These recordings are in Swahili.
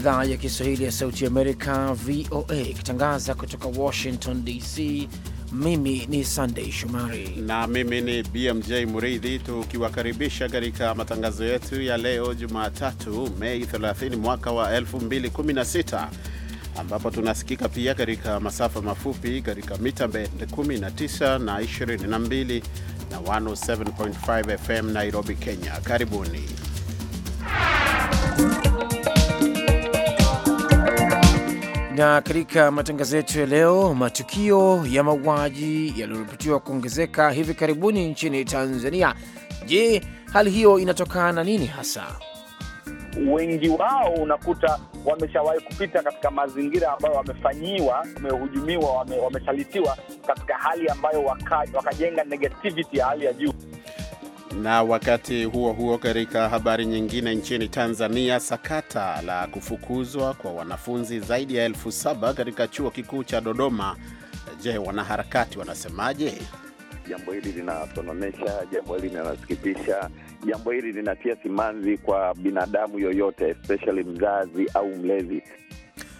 idhaa ya Kiswahili ya Sauti Amerika, VOA, ikitangaza kutoka Washington DC. Mimi ni Sandei Shomari na mimi ni BMJ Muridhi, tukiwakaribisha katika matangazo yetu ya leo Jumatatu, Mei 30 mwaka wa 2016 ambapo tunasikika pia katika masafa mafupi katika mita bendi 19 na 22 na 107.5 FM Nairobi, Kenya. Karibuni. Na katika matangazo yetu ya leo, matukio ya mauaji yaliyoripotiwa kuongezeka hivi karibuni nchini Tanzania. Je, hali hiyo inatokana na nini hasa? Wengi wao unakuta wameshawahi kupita katika mazingira ambayo wamefanyiwa, wamehujumiwa, wamesalitiwa katika hali ambayo wakajenga negativity ya hali ya juu. Na wakati huo huo, katika habari nyingine, nchini Tanzania, sakata la kufukuzwa kwa wanafunzi zaidi ya elfu saba katika chuo kikuu cha Dodoma. Je, wanaharakati wanasemaje? Jambo hili linasononesha, jambo hili linasikitisha, jambo hili linatia simanzi kwa binadamu yoyote, especially mzazi au mlezi.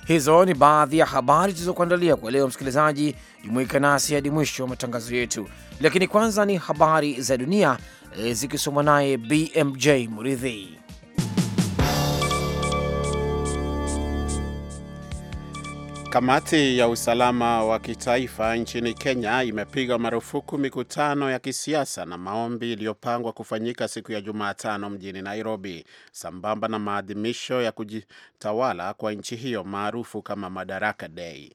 Hizo ni baadhi ya habari zilizokuandalia kwa leo. Msikilizaji, jumuika nasi hadi mwisho wa matangazo yetu, lakini kwanza ni habari za dunia E, zikisomwa naye BMJ Muridhi. Kamati ya usalama wa kitaifa nchini Kenya imepiga marufuku mikutano ya kisiasa na maombi iliyopangwa kufanyika siku ya Jumatano mjini Nairobi, sambamba na maadhimisho ya kujitawala kwa nchi hiyo maarufu kama Madaraka Day.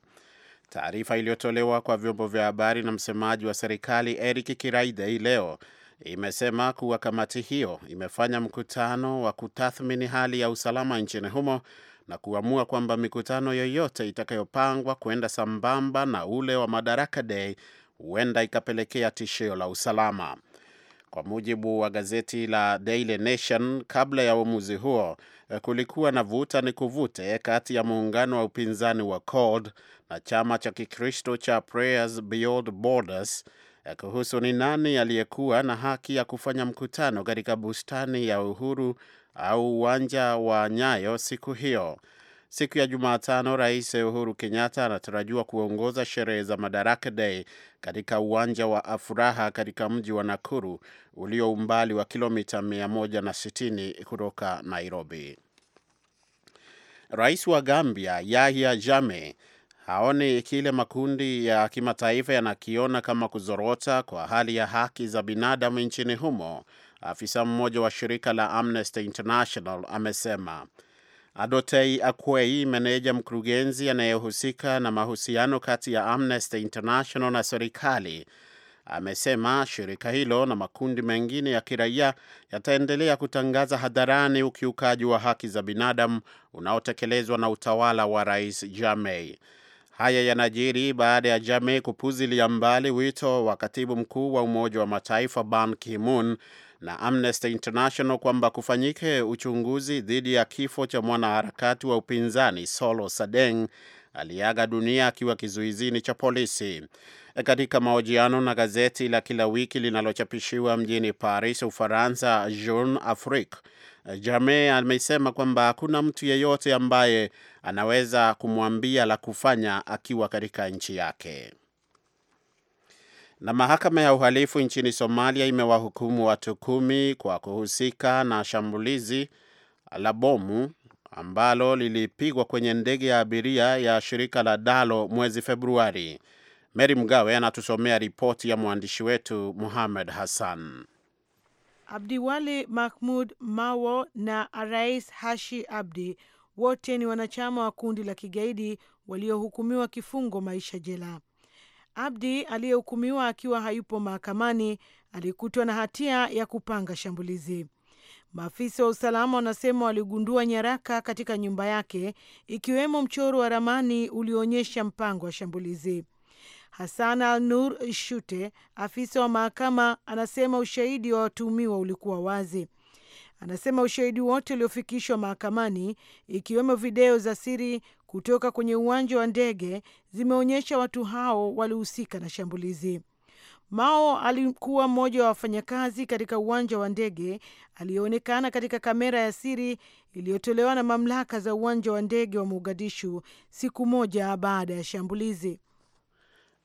Taarifa iliyotolewa kwa vyombo vya habari na msemaji wa serikali Eric kiraide hii leo imesema kuwa kamati hiyo imefanya mkutano wa kutathmini hali ya usalama nchini humo na kuamua kwamba mikutano yoyote itakayopangwa kwenda sambamba na ule wa Madaraka Day huenda ikapelekea tishio la usalama. Kwa mujibu wa gazeti la Daily Nation, kabla ya uamuzi huo eh, kulikuwa na vuta ni kuvute kati ya muungano wa upinzani wa CORD na chama cha Kikristo cha Prayers Beyond Borders kuhusu ni nani aliyekuwa na haki ya kufanya mkutano katika bustani ya Uhuru au uwanja wa Nyayo siku hiyo. Siku ya Jumatano, Rais Uhuru Kenyatta anatarajiwa kuongoza sherehe za Madaraka Day katika uwanja wa Afuraha katika mji wa Nakuru ulio umbali wa kilomita 160 kutoka Nairobi. Rais wa Gambia Yahya Jammeh haoni kile makundi ya kimataifa yanakiona kama kuzorota kwa hali ya haki za binadamu nchini humo, afisa mmoja wa shirika la Amnesty International amesema. Adotei Akwei, meneja mkurugenzi anayehusika na mahusiano kati ya Amnesty International na serikali, amesema shirika hilo na makundi mengine ya kiraia yataendelea kutangaza hadharani ukiukaji wa haki za binadamu unaotekelezwa na utawala wa Rais Jammeh. Haya yanajiri baada ya Jammeh kupuzilia mbali wito wa katibu mkuu wa Umoja wa Mataifa Ban Ki-moon na Amnesty International kwamba kufanyike uchunguzi dhidi ya kifo cha mwanaharakati wa upinzani Solo Sadeng aliyeaga dunia akiwa kizuizini cha polisi. E, katika mahojiano na gazeti la kila wiki linalochapishiwa mjini Paris, Ufaransa, Jeune Afrique, jame amesema kwamba hakuna mtu yeyote ambaye anaweza kumwambia la kufanya akiwa katika nchi yake. Na mahakama ya uhalifu nchini Somalia imewahukumu watu kumi kwa kuhusika na shambulizi la bomu ambalo lilipigwa kwenye ndege ya abiria ya shirika la Dalo mwezi Februari. Mary Mgawe anatusomea ripoti ya mwandishi wetu Muhamed Hassan. Abdiwale Mahmud Mawo na rais Hashi Abdi wote ni wanachama wa kundi la kigaidi waliohukumiwa kifungo maisha jela. Abdi aliyehukumiwa akiwa hayupo mahakamani alikutwa na hatia ya kupanga shambulizi. Maafisa wa usalama wanasema waligundua nyaraka katika nyumba yake, ikiwemo mchoro wa ramani ulioonyesha mpango wa shambulizi. Hassan al-Nur Shute, afisa wa mahakama, anasema ushahidi wa watuhumiwa ulikuwa wazi. Anasema ushahidi wote uliofikishwa mahakamani, ikiwemo video za siri kutoka kwenye uwanja wa ndege, zimeonyesha watu hao walihusika na shambulizi. Mao alikuwa mmoja wa wafanyakazi katika uwanja wa ndege aliyeonekana katika kamera ya siri iliyotolewa na mamlaka za uwanja wa ndege wa Mogadishu siku moja baada ya shambulizi.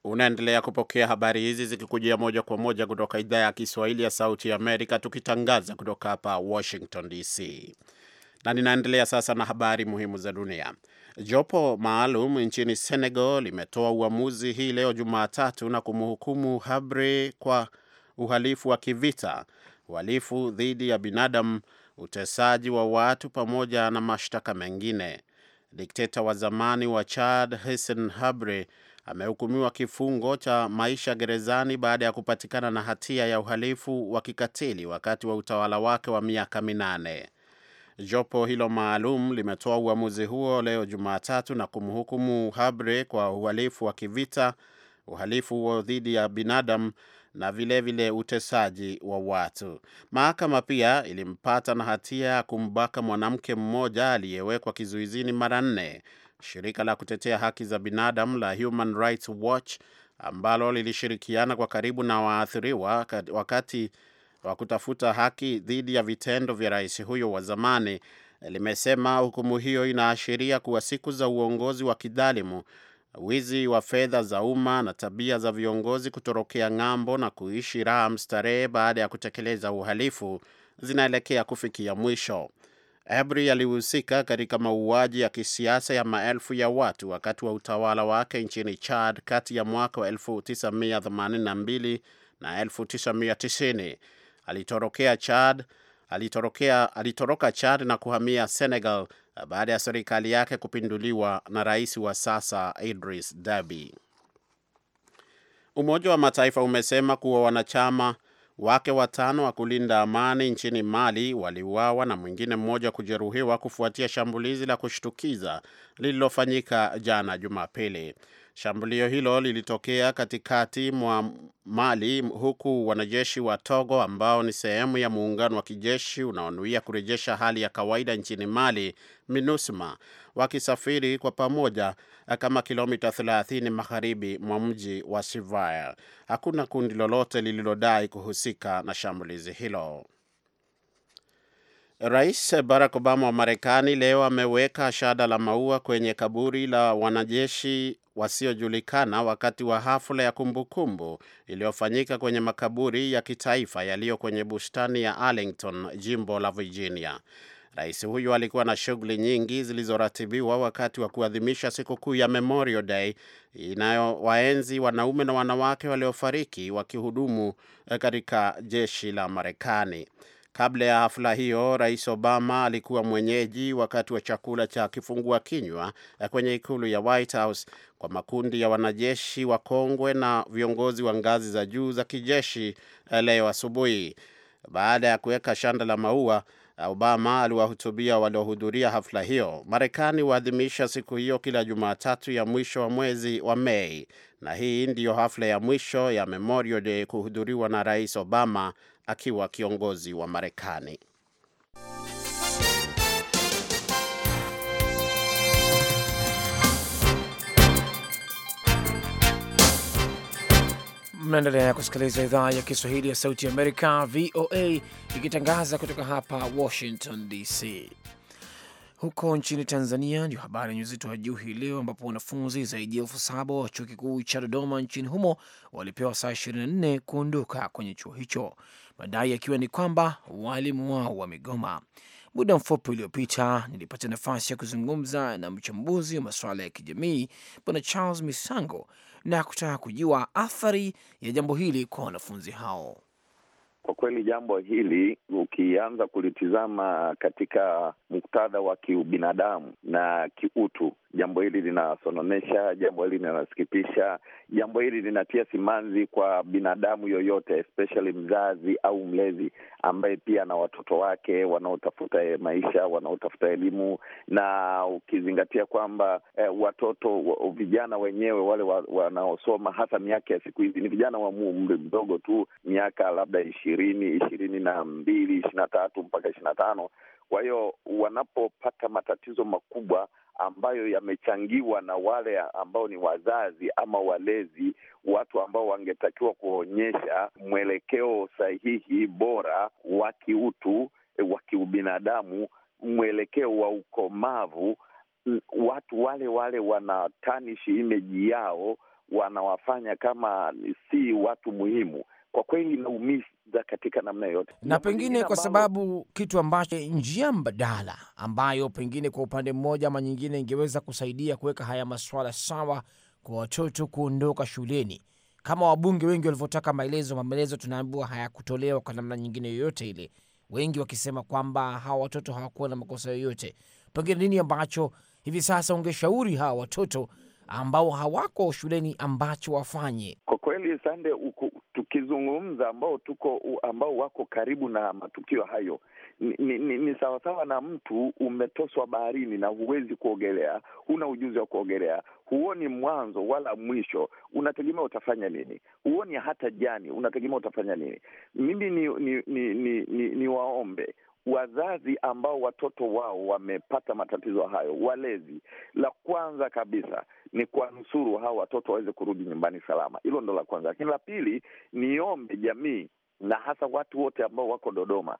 Unaendelea kupokea habari hizi zikikujia moja kwa moja kutoka idhaa ya Kiswahili ya Sauti ya Amerika, tukitangaza kutoka hapa Washington DC. Na ninaendelea sasa na habari muhimu za dunia. Jopo maalum nchini Senegal limetoa uamuzi hii leo Jumatatu na kumhukumu Habre kwa uhalifu wa kivita, uhalifu dhidi ya binadamu, utesaji wa watu pamoja na mashtaka mengine. Dikteta wa zamani wa Chad Hissen Habre amehukumiwa kifungo cha maisha gerezani baada ya kupatikana na hatia ya uhalifu wa kikatili wakati wa utawala wake wa miaka minane. Jopo hilo maalum limetoa uamuzi huo leo Jumatatu na kumhukumu Habre kwa uhalifu wa kivita, uhalifu huo dhidi ya binadamu na vilevile vile utesaji wa watu. Mahakama pia ilimpata na hatia ya kumbaka mwanamke mmoja aliyewekwa kizuizini mara nne Shirika la kutetea haki za binadamu la Human Rights Watch ambalo lilishirikiana kwa karibu na waathiriwa wakati wa kutafuta haki dhidi ya vitendo vya rais huyo wa zamani limesema hukumu hiyo inaashiria kuwa siku za uongozi wa kidhalimu, wizi wa fedha za umma na tabia za viongozi kutorokea ng'ambo na kuishi raha mstarehe baada ya kutekeleza uhalifu zinaelekea kufikia mwisho. Abry alihusika katika mauaji ya kisiasa ya maelfu ya watu wakati wa utawala wake nchini Chad kati ya mwaka wa 1982 na 1990. Alitorokea Chad, alitorokea, alitoroka Chad na kuhamia Senegal baada ya serikali yake kupinduliwa na rais wa sasa Idris Deby. Umoja wa Mataifa umesema kuwa wanachama wake watano wa kulinda amani nchini Mali waliuawa na mwingine mmoja kujeruhiwa kufuatia shambulizi la kushtukiza lililofanyika jana Jumapili. Shambulio hilo lilitokea katikati mwa Mali, huku wanajeshi wa Togo ambao ni sehemu ya muungano wa kijeshi unaonuia kurejesha hali ya kawaida nchini Mali, MINUSMA, wakisafiri kwa pamoja eh, kama kilomita 30 magharibi mwa mji wa Sivaya. Hakuna kundi lolote lililodai kuhusika na shambulizi hilo. Rais Barack Obama wa Marekani leo ameweka shada la maua kwenye kaburi la wanajeshi wasiojulikana wakati wa hafla ya kumbukumbu iliyofanyika kwenye makaburi ya kitaifa yaliyo kwenye bustani ya Arlington, jimbo la Virginia. Rais huyu alikuwa na shughuli nyingi zilizoratibiwa wakati wa kuadhimisha sikukuu ya Memorial Day inayowaenzi wanaume na wanawake waliofariki wakihudumu eh, katika jeshi la Marekani. Kabla ya hafla hiyo, Rais Obama alikuwa mwenyeji wakati wa chakula cha kifungua kinywa eh, kwenye ikulu ya White House kwa makundi ya wanajeshi wa kongwe na viongozi wa ngazi za juu za kijeshi eh, leo asubuhi. Baada ya kuweka shanda la maua, Obama aliwahutubia waliohudhuria hafla hiyo. Marekani huadhimisha siku hiyo kila Jumatatu ya mwisho wa mwezi wa Mei, na hii ndiyo hafla ya mwisho ya Memorial Day kuhudhuriwa na Rais Obama akiwa kiongozi wa Marekani. Mnaendelea ya kusikiliza idhaa ya Kiswahili ya Sauti Amerika, VOA, ikitangaza kutoka hapa Washington DC. Huko nchini Tanzania ndio habari yenye uzito wa juu hii leo, ambapo wanafunzi zaidi ya elfu saba wa chuo kikuu cha Dodoma nchini humo walipewa saa 24 kuondoka kwenye chuo hicho, madai yakiwa ni kwamba walimu wao wamegoma. Muda mfupi uliopita nilipata nafasi ya kuzungumza na mchambuzi wa masuala ya kijamii Bwana Charles Misango na kutaka kujua athari ya jambo hili kwa wanafunzi hao. Kwa kweli jambo hili ukianza kulitizama katika muktadha wa kiubinadamu na kiutu, jambo hili linasononesha, jambo hili linasikitisha, jambo hili linatia simanzi kwa binadamu yoyote, especially mzazi au mlezi ambaye pia na watoto wake wanaotafuta maisha, wanaotafuta elimu, na ukizingatia kwamba eh, watoto vijana wenyewe wale wanaosoma, hasa miaka ya siku hizi ni vijana wa umri mdogo tu, miaka labda ishirini ishirini ishirini na mbili ishirini na tatu mpaka ishirini na tano Kwa hiyo wanapopata matatizo makubwa ambayo yamechangiwa na wale ambao ni wazazi ama walezi, watu ambao wangetakiwa kuonyesha mwelekeo sahihi bora wa kiutu, wa kiubinadamu, mwelekeo wa ukomavu, watu wale wale wanatanishi imeji yao, wanawafanya kama si watu muhimu kwa kweli inaumiza katika namna yoyote, na pengine kwa sababu kitu ambacho njia mbadala ambayo pengine kwa upande mmoja ama nyingine ingeweza kusaidia kuweka haya maswala sawa kwa watoto kuondoka shuleni, kama wabunge wengi walivyotaka maelezo. Maelezo tunaambiwa hayakutolewa kwa namna nyingine yoyote ile, wengi wakisema kwamba hawa watoto hawakuwa na makosa yoyote. Pengine nini ambacho hivi sasa ungeshauri hawa watoto ambao hawako shuleni ambacho wafanye? Kwa kweli, Sande, tukizungumza ambao tuko ambao wako karibu na matukio hayo ni, ni, ni sawasawa na mtu umetoswa baharini na huwezi kuogelea, huna ujuzi wa kuogelea, huoni mwanzo wala mwisho, unategemea utafanya nini? Huoni hata jani, unategemea utafanya nini? Mimi ni, ni, ni, ni, ni, ni waombe wazazi ambao watoto wao wamepata matatizo hayo, walezi, la kwanza kabisa ni kuwanusuru hawa watoto waweze kurudi nyumbani salama. Hilo ndo la kwanza, lakini la pili, niombe jamii na hasa watu wote ambao wako Dodoma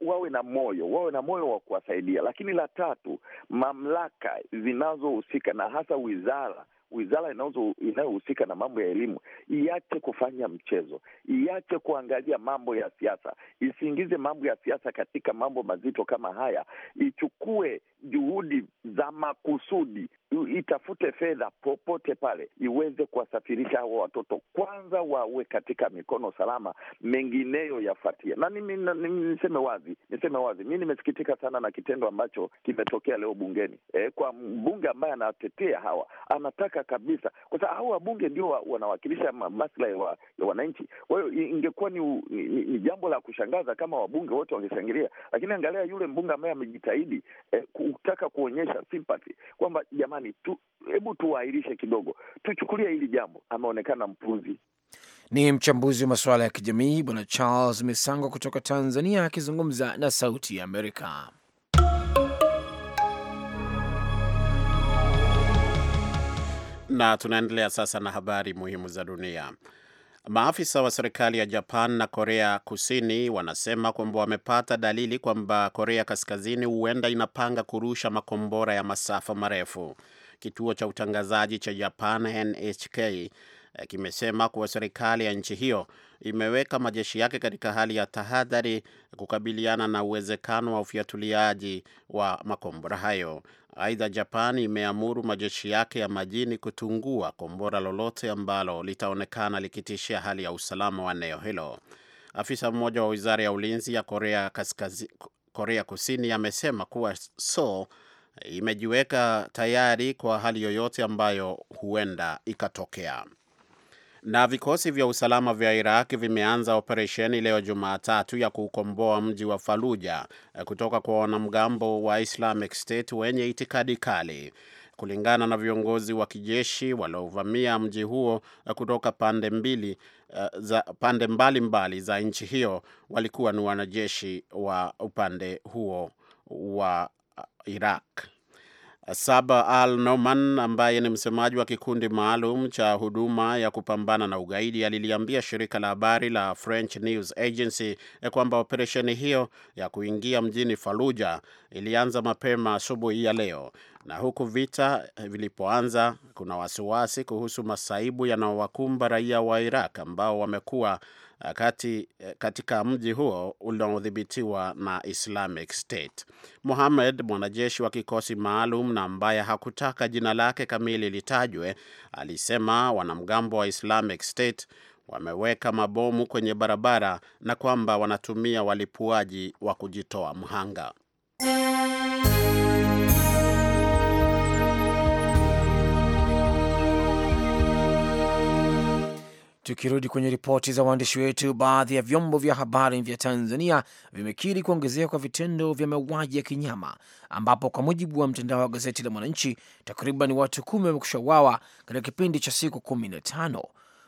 wawe na moyo, wawe na moyo wa kuwasaidia. Lakini la tatu, mamlaka zinazohusika na hasa wizara wizara inayohusika na mambo ya elimu iache kufanya mchezo, iache kuangalia mambo ya siasa, isiingize mambo ya siasa katika mambo mazito kama haya, ichukue juhudi za makusudi, itafute fedha popote pale iweze kuwasafirisha hawa watoto, kwanza wawe katika mikono salama, mengineyo yafuatia. Na niseme wazi, niseme wazi, mi nimesikitika sana na kitendo ambacho kimetokea leo bungeni, e, kwa mbunge ambaye anatetea hawa, anataka kabisa, kwa sababu hawa wabunge ndio wanawakilisha maslahi ya ya wananchi. Kwa hiyo ingekuwa ni, ni, ni, ni jambo la kushangaza kama wabunge wote wangeshangilia, lakini angalia yule mbunge ambaye amejitahidi e, kutaka kuonyesha sympathy kwamba jamani, tu hebu tuwaahirishe kidogo, tuchukulie hili jambo, ameonekana mpuzi. Ni mchambuzi wa masuala ya kijamii Bwana Charles Misango kutoka Tanzania akizungumza na Sauti ya Amerika. Na tunaendelea sasa na habari muhimu za dunia. Maafisa wa serikali ya Japan na Korea Kusini wanasema kwamba wamepata dalili kwamba Korea Kaskazini huenda inapanga kurusha makombora ya masafa marefu. Kituo cha utangazaji cha Japan NHK eh, kimesema kuwa serikali ya nchi hiyo imeweka majeshi yake katika hali ya tahadhari kukabiliana na uwezekano wa ufiatuliaji wa makombora hayo. Aidha, Japan imeamuru majeshi yake ya majini kutungua kombora lolote ambalo litaonekana likitishia hali ya usalama wa eneo hilo. Afisa mmoja wa wizara ya ulinzi ya Korea kaskazi, Korea Kusini amesema kuwa Seoul imejiweka tayari kwa hali yoyote ambayo huenda ikatokea. Na vikosi vya usalama vya Iraq vimeanza operesheni leo Jumatatu ya kuukomboa mji wa Faluja eh, kutoka kwa wanamgambo wa Islamic State wenye itikadi kali. Kulingana na viongozi wa kijeshi waliovamia mji huo eh, kutoka pande mbili eh, za pande mbalimbali za nchi hiyo walikuwa ni wanajeshi wa upande huo wa Iraq. Saba Al Noman ambaye ni msemaji wa kikundi maalum cha huduma ya kupambana na ugaidi aliliambia shirika la habari la French News Agency eh, kwamba operesheni hiyo ya kuingia mjini Faluja ilianza mapema asubuhi ya leo, na huku vita eh, vilipoanza, kuna wasiwasi kuhusu masaibu yanayowakumba raia wa Iraq ambao wamekuwa Eh, kati, eh, katika mji huo unaodhibitiwa na Islamic State. Mohamed, mwanajeshi wa kikosi maalum na ambaye hakutaka jina lake kamili litajwe, alisema wanamgambo wa Islamic State wameweka mabomu kwenye barabara na kwamba wanatumia walipuaji wa kujitoa mhanga. Tukirudi kwenye ripoti za waandishi wetu, baadhi ya vyombo vya habari vya Tanzania vimekiri kuongezeka kwa vitendo vya mauaji ya kinyama, ambapo kwa mujibu wa mtandao wa gazeti la Mwananchi takriban watu kumi wamekusha uawa katika kipindi cha siku kumi na tano.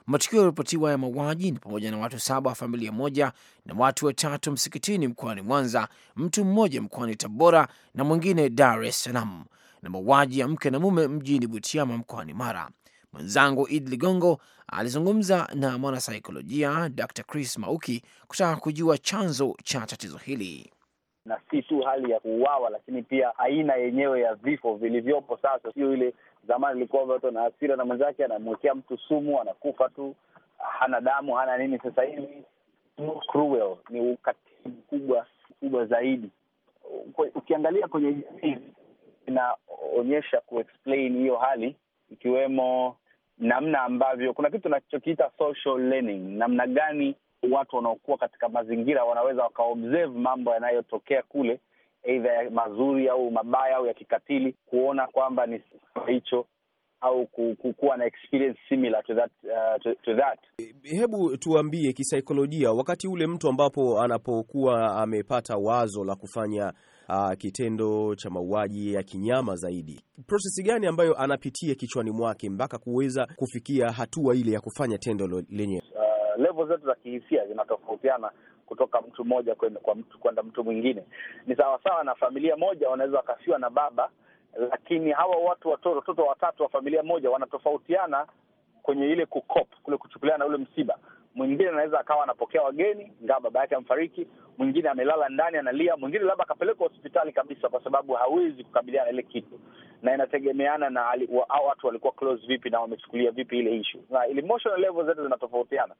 Matukio yaliripotiwa ya mauaji ni pamoja na watu saba wa familia moja na watu watatu msikitini mkoani Mwanza, mtu mmoja mkoani Tabora na mwingine Dar es Salaam, na mauaji ya mke na mume mjini Butiama mkoani Mara. Mwenzangu Id Ligongo alizungumza na mwanasaikolojia Dr. Chris Mauki kutaka kujua chanzo cha tatizo hili na si tu hali ya kuuawa, lakini pia aina yenyewe ya vifo vilivyopo sasa. Sio ile zamani ilikuwa watu na hasira na mwenzake anamwekea mtu sumu, anakufa tu, hana damu, hana nini. Sasa hivi cruel ni ukatili mkubwa mkubwa zaidi. Ukiangalia kwenye jamii, inaonyesha kuexplain hiyo hali, ikiwemo namna ambavyo kuna kitu nachokiita social learning, namna gani watu wanaokuwa katika mazingira wanaweza wakaobserve mambo yanayotokea kule, eidha ya mazuri au mabaya au ya kikatili, kuona kwamba ni hicho au kuwa na experience similar to that, uh, to, to that. Hebu tuambie kisaikolojia, wakati ule mtu ambapo anapokuwa amepata wazo la kufanya uh, kitendo cha mauaji ya kinyama zaidi. Prosesi gani ambayo anapitia kichwani mwake mpaka kuweza kufikia hatua ile ya kufanya tendo lenyewe? Uh, ah, levo zetu za kihisia zinatofautiana kutoka mtu mmoja kwenda kwa mtu kwenda mtu mwingine. Ni sawasawa na familia moja wanaweza wakafiwa na baba, lakini hawa watu watoto watatu wa familia moja wanatofautiana kwenye ile kukop kule kuchukuliana ule msiba mwingine anaweza akawa anapokea wageni ingawa baba yake amfariki, mwingine amelala ndani analia, mwingine labda akapelekwa hospitali kabisa, kwa sababu hawezi kukabiliana na ile kitu, na inategemeana na watu walikuwa close vipi na wamechukulia vipi ile issue, na emotional level zetu zinatofautiana.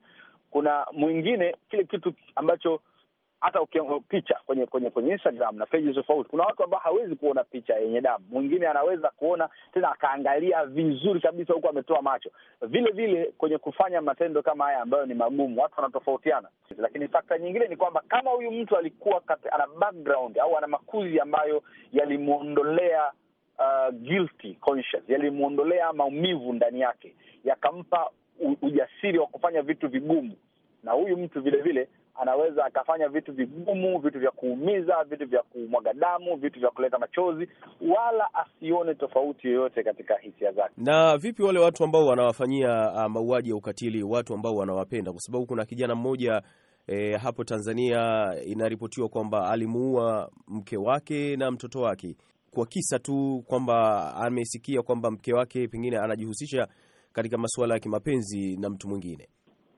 Kuna mwingine kile kitu ambacho hata ukiona picha kwenye kwenye kwenye Instagram na pages tofauti, kuna watu ambao hawezi kuona picha yenye damu, mwingine anaweza kuona tena akaangalia vizuri kabisa huku ametoa macho. Vile vile kwenye kufanya matendo kama haya ambayo ni magumu, watu wanatofautiana, lakini fakta nyingine ni kwamba kama huyu mtu alikuwa kati, ana background au ana makuzi ambayo yalimwondolea uh, guilty conscience, yalimwondolea maumivu ndani yake, yakampa ujasiri wa kufanya vitu vigumu, na huyu mtu vile vile anaweza akafanya vitu vigumu, vitu vya kuumiza, vitu vya kumwaga damu, vitu vya kuleta machozi, wala asione tofauti yoyote katika hisia zake. Na vipi wale watu ambao wanawafanyia ah, mauaji ya ukatili watu ambao wanawapenda? Kwa sababu kuna kijana mmoja e, hapo Tanzania inaripotiwa kwamba alimuua mke wake na mtoto wake kwa kisa tu kwamba amesikia kwamba mke wake pengine anajihusisha katika masuala ya kimapenzi na mtu mwingine.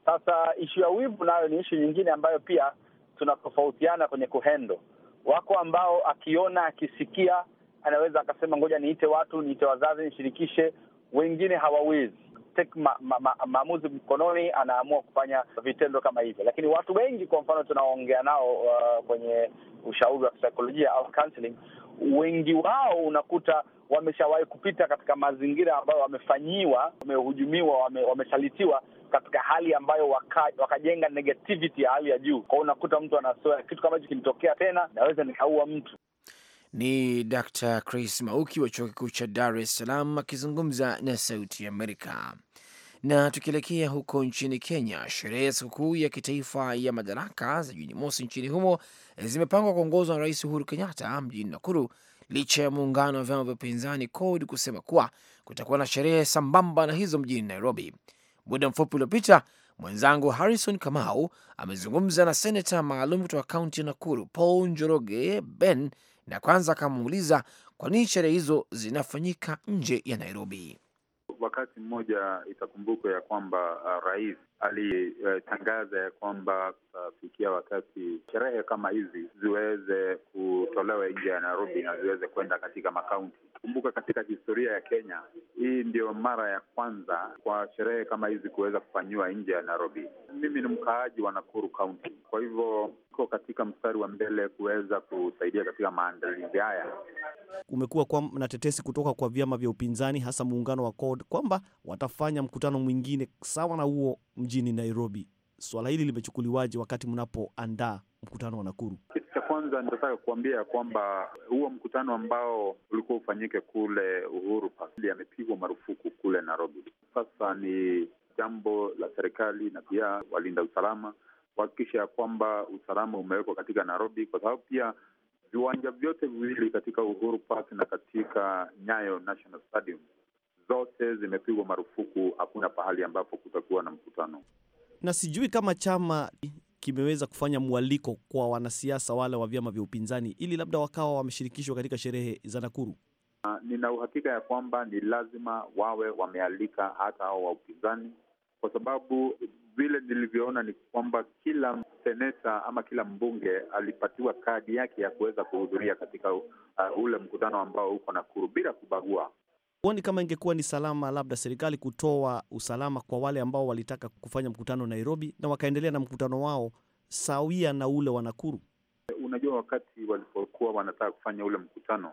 Sasa ishu ya wivu nayo ni ishu nyingine ambayo pia tunatofautiana kwenye kuhendo. Wako ambao akiona, akisikia, anaweza akasema ngoja niite watu, niite wazazi, nishirikishe. Wengine hawawezi take ma, ma, ma, maamuzi mkononi, anaamua kufanya vitendo kama hivyo. Lakini watu wengi, kwa mfano, tunaoongea nao uh, kwenye ushauri wa kisaikolojia au counseling, wengi wao unakuta wameshawahi kupita katika mazingira ambayo wamefanyiwa, wamehujumiwa, wame, wamesalitiwa katika hali ambayo waka, wakajenga negativity ya hali ya juu kwao, unakuta mtu anasoa kitu kama hicho kinitokea tena, naweza nikaua mtu. Ni Dr. Chris Mauki wa chuo kikuu cha Dar es Salaam akizungumza na Sauti ya Amerika. Na tukielekea huko nchini Kenya, sherehe ya sikukuu ya kitaifa ya Madaraka za Juni mosi nchini humo eh, zimepangwa kuongozwa na Rais Uhuru Kenyatta mjini Nakuru, licha ya muungano wa vyama vya upinzani CORD kusema kuwa kutakuwa na sherehe sambamba na hizo mjini Nairobi. Muda mfupi uliopita mwenzangu Harrison Kamau amezungumza na seneta maalum kutoka kaunti ya Nakuru Paul Njoroge Ben, na kwanza akamuuliza kwa nini sherehe hizo zinafanyika nje ya Nairobi wakati mmoja itakumbukwa ya kwamba uh, rais alitangaza uh, ya kwamba uh, kufikia uh, wakati sherehe kama hizi ziweze kutolewa nje ya Nairobi na ziweze kwenda katika makaunti. Kumbuka, katika historia ya Kenya hii ndio mara ya kwanza kwa sherehe kama hizi kuweza kufanyiwa nje ya Nairobi. Mimi ni mkaaji wa Nakuru Kaunti, kwa hivyo iko katika mstari wa mbele kuweza kusaidia katika maandalizi haya. Kumekuwa na tetesi kutoka kwa vyama vya upinzani, hasa muungano wa CORD kwamba watafanya mkutano mwingine sawa na huo mjini Nairobi. Swala hili limechukuliwaje wakati mnapoandaa mkutano wa Nakuru? Kitu cha kwanza nitataka kuambia kwamba huo mkutano ambao ulikuwa ufanyike kule Uhuru Pasili amepigwa marufuku kule Nairobi. Sasa ni jambo la serikali na pia walinda usalama kuhakikisha ya kwamba usalama umewekwa katika Nairobi, kwa sababu pia viwanja vyote viwili katika Uhuru Park na katika Nyayo National Stadium zote zimepigwa marufuku. Hakuna pahali ambapo kutakuwa na mkutano, na sijui kama chama kimeweza kufanya mwaliko kwa wanasiasa wale wa vyama vya upinzani ili labda wakawa wameshirikishwa katika sherehe za Nakuru. Uh, nina uhakika ya kwamba ni lazima wawe wamealika hata hao wa upinzani, kwa sababu vile nilivyoona ni kwamba kila seneta ama kila mbunge alipatiwa kadi yake ya kuweza kuhudhuria katika uh, ule mkutano ambao uko Nakuru bila kubagua. Huoni kama ingekuwa ni salama labda serikali kutoa usalama kwa wale ambao walitaka kufanya mkutano Nairobi na wakaendelea na mkutano wao sawia na ule wa Nakuru? Unajua, wakati walipokuwa wanataka kufanya ule mkutano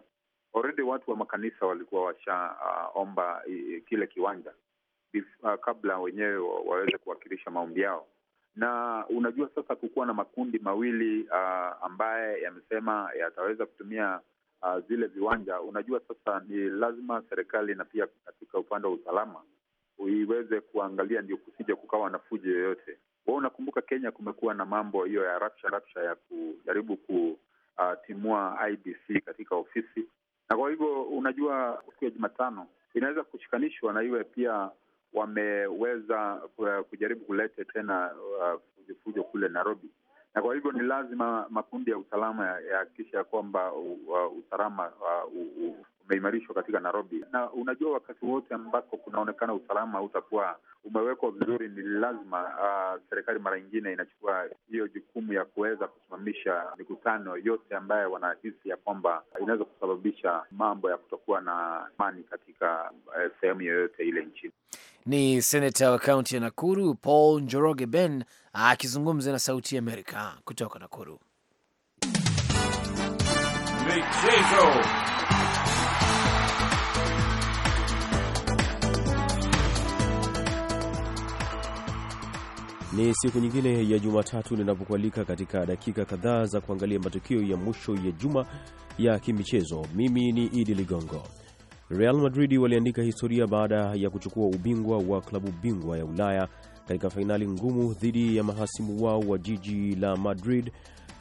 already watu wa makanisa walikuwa washaomba uh, kile kiwanja uh, kabla wenyewe waweze kuwakilisha maombi yao. Na unajua sasa kukuwa na makundi mawili uh, ambaye yamesema yataweza kutumia uh, zile viwanja. Unajua sasa ni lazima serikali na pia katika upande wa usalama iweze kuangalia, ndio kusija kukawa na fuji yoyote. Wa unakumbuka Kenya kumekuwa na mambo hiyo ya rapsha rapsha ya kujaribu kutimua IBC katika ofisi, na kwa hivyo unajua siku ya Jumatano inaweza kushikanishwa na iwe pia wameweza uh, kujaribu kulete tena uh, fujofujo kule Nairobi, na kwa hivyo ni lazima makundi ya usalama yahakikisha ya kwamba uh, usalama umeimarishwa katika Nairobi. Na unajua, wakati wote ambako kunaonekana usalama utakuwa umewekwa vizuri, ni lazima uh, serikali mara nyingine inachukua hiyo jukumu ya kuweza kusimamisha mikutano yote ambayo wanahisi ya kwamba inaweza kusababisha mambo ya kutokuwa na amani katika uh, sehemu yoyote ile nchini. Ni senata wa kaunti ya Nakuru Paul Njoroge Ben akizungumza na Sauti ya Amerika kutoka Nakuru. Michezo. Ni siku nyingine ya Jumatatu ninapokualika katika dakika kadhaa za kuangalia matukio ya mwisho ya juma ya kimichezo. Mimi ni Idi Ligongo. Real Madrid waliandika historia baada ya kuchukua ubingwa wa klabu bingwa ya Ulaya katika fainali ngumu dhidi ya mahasimu wao wa jiji la Madrid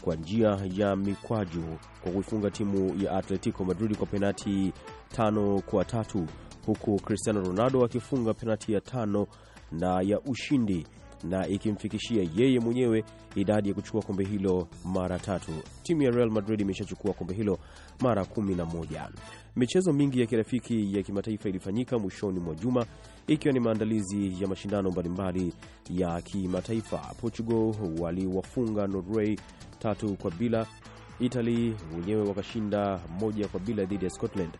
kwa njia ya mikwaju kwa kuifunga timu ya Atletico Madrid kwa penati tano kwa tatu huku Cristiano Ronaldo akifunga penati ya tano na ya ushindi na ikimfikishia yeye mwenyewe idadi ya kuchukua kombe hilo mara tatu. Timu ya Real Madrid imeshachukua kombe hilo mara kumi na moja Michezo mingi ya kirafiki ya kimataifa ilifanyika mwishoni mwa juma ikiwa ni maandalizi ya mashindano mbalimbali ya kimataifa. Portugal waliwafunga Norway tatu kwa bila. Italy wenyewe wakashinda moja kwa bila dhidi ya Scotland.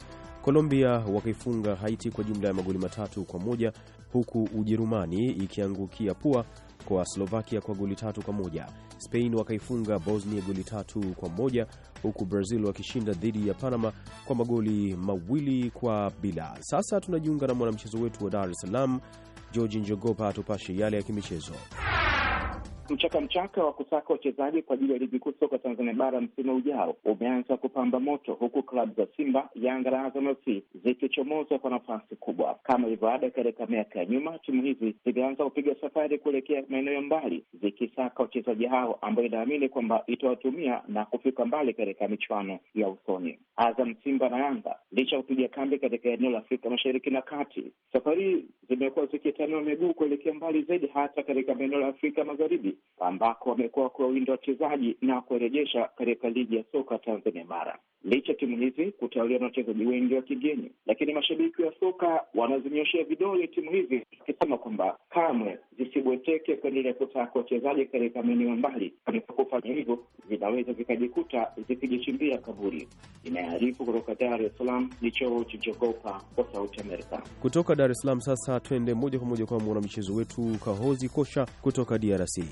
Colombia wakaifunga Haiti kwa jumla ya magoli matatu kwa moja huku Ujerumani ikiangukia pua kwa Slovakia kwa goli tatu kwa moja. Spain wakaifunga Bosnia goli tatu kwa moja, huku Brazil wakishinda dhidi ya Panama kwa magoli mawili kwa bila. Sasa tunajiunga na mwanamchezo wetu wa Dar es Salaam, Georgi Njogopa, atupashe yale ya kimichezo. Mchaka mchaka wa kusaka wachezaji kwa ajili ya ligi kuu soka Tanzania bara msimu ujao umeanza kupamba moto, huku klabu za Simba, Yanga na Azam FC zikichomoza kwa nafasi kubwa. Kama ilivyo ada katika miaka ya nyuma, timu hizi zimeanza kupiga safari kuelekea maeneo ya mbali zikisaka wachezaji hao ambayo inaamini kwamba itawatumia na kufika mbali katika michuano ya usoni. Azam, Simba na Yanga licha ya kupiga kambi katika eneo la Afrika mashariki na kati, safari zimekuwa zikitanua miguu kuelekea mbali zaidi, hata katika maeneo la Afrika magharibi ambako wamekuwa wakiwawinda wachezaji na kuwarejesha katika ligi ya soka Tanzania Bara licha timu hizi kutawaliwa na wachezaji wengi wa kigeni, lakini mashabiki wa soka wanazinyoshea vidole timu hizi wakisema kwamba kamwe zisibweteke kuendelea kutaka wachezaji katika maeneo mbali. Katika kufanya hivyo, zinaweza zikajikuta zikijichimbia kaburi. Inayoarifu kutoka Dar es Salaam ni George Jogopa kwa Sauti Amerika. Kutoka Dar es Salaam sasa twende moja kwa moja kwa mwanamchezo wetu Kahozi Kosha kutoka DRC.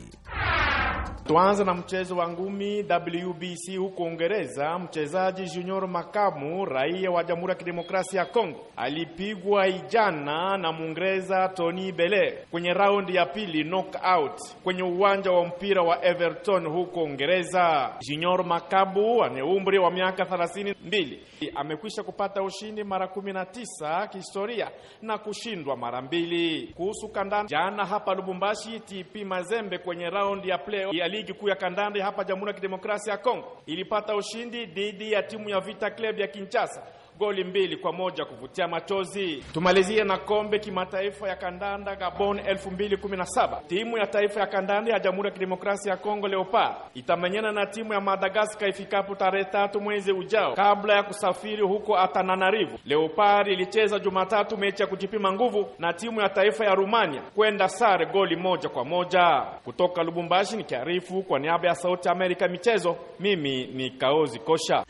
Tuanze na mchezo wa ngumi WBC huko Uingereza. Mchezaji Kasaji Junior Makamu, raia wa Jamhuri ya Kidemokrasia ya Kongo, alipigwa ijana na Mwingereza Tony Belair kwenye raundi ya pili knockout kwenye uwanja wa mpira wa Everton huko Uingereza. Junior Makabu ana umri wa miaka 32 amekwisha kupata ushindi mara 19 kihistoria na kushindwa mara mbili. Kuhusu kandanda, jana hapa Lubumbashi, TP Mazembe kwenye raundi ya play ya ligi kuu ya kandanda hapa Jamhuri ya Kidemokrasia ya Kongo ilipata ushindi dhidi ya timu ya Vita Club ya Kinshasa goli mbili kwa moja kuvutia machozi. Tumalizie na kombe kimataifa ya kandanda Gabon 2017. Timu ya taifa ya kandanda ya Jamhuri ya Kidemokrasia ya Kongo Leopard itamenyana na timu ya Madagaskar ifikapo tarehe tatu mwezi ujao kabla ya kusafiri huko Atananarivu. Leopard ilicheza Jumatatu mechi ya kujipima nguvu na timu ya taifa ya Rumania kwenda sare goli moja kwa moja. Kutoka Lubumbashi nikiarifu kwa niaba ya Sauti ya Amerika michezo, mimi ni Kaozi Kosha.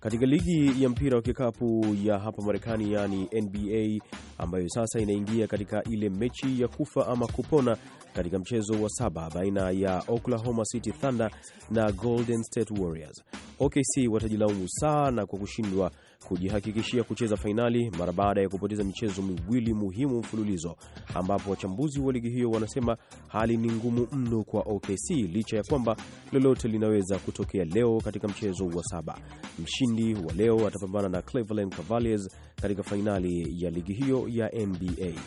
Katika ligi ya mpira wa kikapu ya hapa Marekani, yaani NBA, ambayo sasa inaingia katika ile mechi ya kufa ama kupona katika mchezo wa saba baina ya Oklahoma City Thunder na Golden State Warriors. OKC watajilaumu sana kwa kushindwa kujihakikishia kucheza fainali mara baada ya kupoteza michezo miwili muhimu mfululizo, ambapo wachambuzi wa ligi hiyo wanasema hali ni ngumu mno kwa OKC licha ya kwamba lolote linaweza kutokea leo katika mchezo wa saba. Mshindi wa leo atapambana na Cleveland Cavaliers katika fainali ya ligi hiyo ya NBA.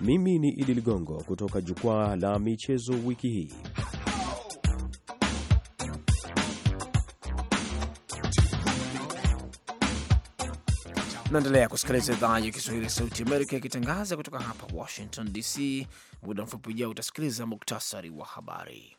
Mimi ni Idi Ligongo kutoka jukwaa la michezo wiki hii. Naendelea kusikiliza idhaa ya Kiswahili ya Sauti Amerika ikitangaza kutoka hapa Washington DC. Muda mfupi ujao utasikiliza muktasari wa habari.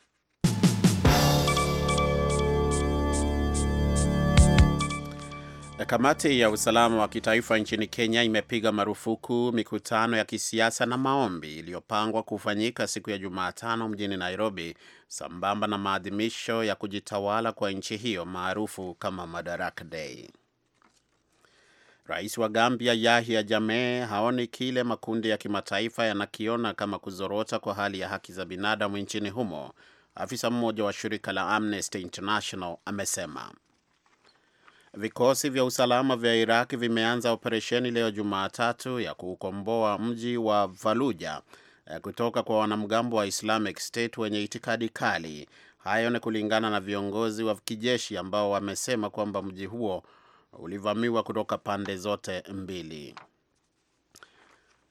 Kamati ya usalama wa kitaifa nchini Kenya imepiga marufuku mikutano ya kisiasa na maombi iliyopangwa kufanyika siku ya Jumatano mjini Nairobi, sambamba na maadhimisho ya kujitawala kwa nchi hiyo maarufu kama Madaraka Day. Rais wa Gambia Yahya Jammeh haoni kile makundi ya kimataifa yanakiona kama kuzorota kwa hali ya haki za binadamu nchini humo, afisa mmoja wa shirika la Amnesty International amesema. Vikosi vya usalama vya Iraq vimeanza operesheni leo Jumatatu ya kuukomboa mji wa Faluja eh, kutoka kwa wanamgambo wa Islamic State wenye itikadi kali. Hayo ni kulingana na viongozi wa kijeshi ambao wamesema kwamba mji huo ulivamiwa kutoka pande zote mbili.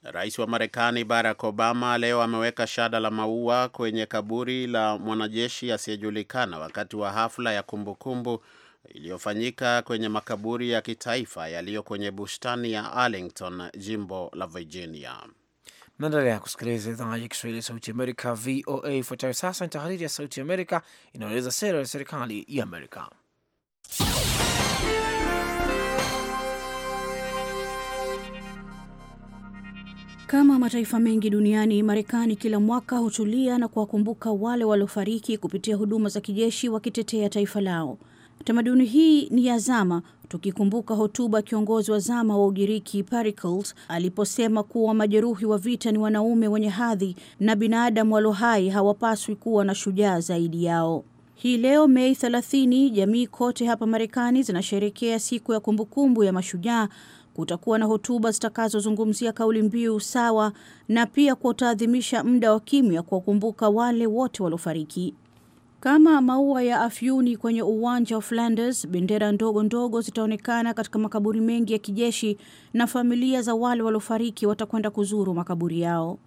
Rais wa Marekani Barack Obama leo ameweka shada la maua kwenye kaburi la mwanajeshi asiyejulikana wakati wa hafla ya kumbukumbu iliyofanyika kwenye makaburi ya kitaifa yaliyo kwenye bustani ya Arlington, jimbo la Virginia. Naendelea kusikiliza idhaa ya Kiswahili ya Sauti Amerika, VOA. Ifuatayo sasa ni tahariri ya Sauti Amerika inayoeleza sera ya serikali ya Amerika. Kama mataifa mengi duniani, Marekani kila mwaka hutulia na kuwakumbuka wale waliofariki kupitia huduma za kijeshi wakitetea taifa lao. Tamaduni hii ni ya zama, tukikumbuka hotuba kiongozi wa zama wa Ugiriki Pericles aliposema kuwa majeruhi wa vita ni wanaume wenye hadhi na binadamu walio hai hawapaswi kuwa na shujaa zaidi yao. Hii leo Mei 30, jamii kote hapa Marekani zinasherekea siku ya kumbukumbu ya mashujaa. Kutakuwa na hotuba zitakazozungumzia kauli mbiu sawa, na pia kutaadhimisha muda wa kimya kuwakumbuka wale wote waliofariki. Kama maua ya afyuni kwenye uwanja wa Flanders, bendera ndogo ndogo zitaonekana katika makaburi mengi ya kijeshi na familia za wale waliofariki watakwenda kuzuru makaburi yao.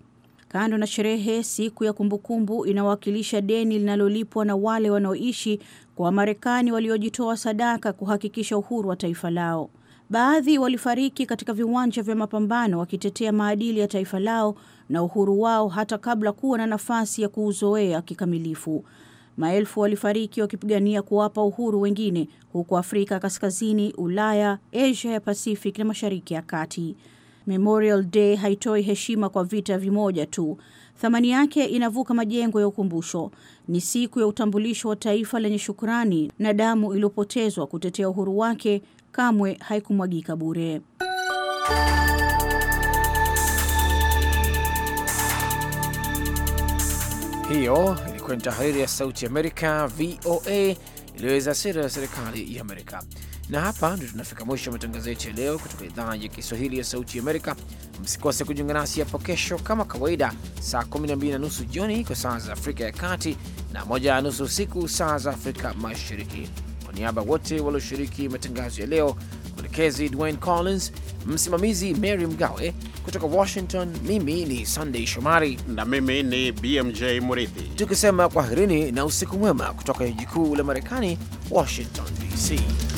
Kando na sherehe, siku ya kumbukumbu inawakilisha deni linalolipwa na wale wanaoishi kwa Wamarekani waliojitoa sadaka kuhakikisha uhuru wa taifa lao. Baadhi walifariki katika viwanja vya mapambano wakitetea maadili ya taifa lao na uhuru wao hata kabla kuwa na nafasi ya kuuzoea kikamilifu. Maelfu walifariki wakipigania kuwapa uhuru wengine huko Afrika Kaskazini, Ulaya, Asia ya Pacific na Mashariki ya Kati. Memorial Day haitoi heshima kwa vita vimoja tu. Thamani yake inavuka majengo ya ukumbusho. Ni siku ya utambulisho wa taifa lenye shukrani na damu iliyopotezwa kutetea uhuru wake kamwe haikumwagika bure. Hiyo ilikuwa ni tahariri ya Sauti Amerika VOA iliyoweza sera ya serikali ya Amerika. Na hapa ndio tunafika mwisho wa matangazo yetu ya leo kutoka idhaa ya Kiswahili ya Sauti Amerika. Msikose kujiunga nasi hapo kesho kama kawaida, saa 12 na nusu jioni kwa saa za Afrika ya Kati na moja na nusu usiku saa za Afrika Mashariki. Kwa niaba wote walioshiriki matangazo ya leo, mwelekezi Dwayne Collins, msimamizi Mary Mgawe kutoka Washington, mimi ni Sunday Shomari na mimi ni BMJ Muridhi, tukisema kwaherini na usiku mwema kutoka jiji kuu la Marekani, Washington DC.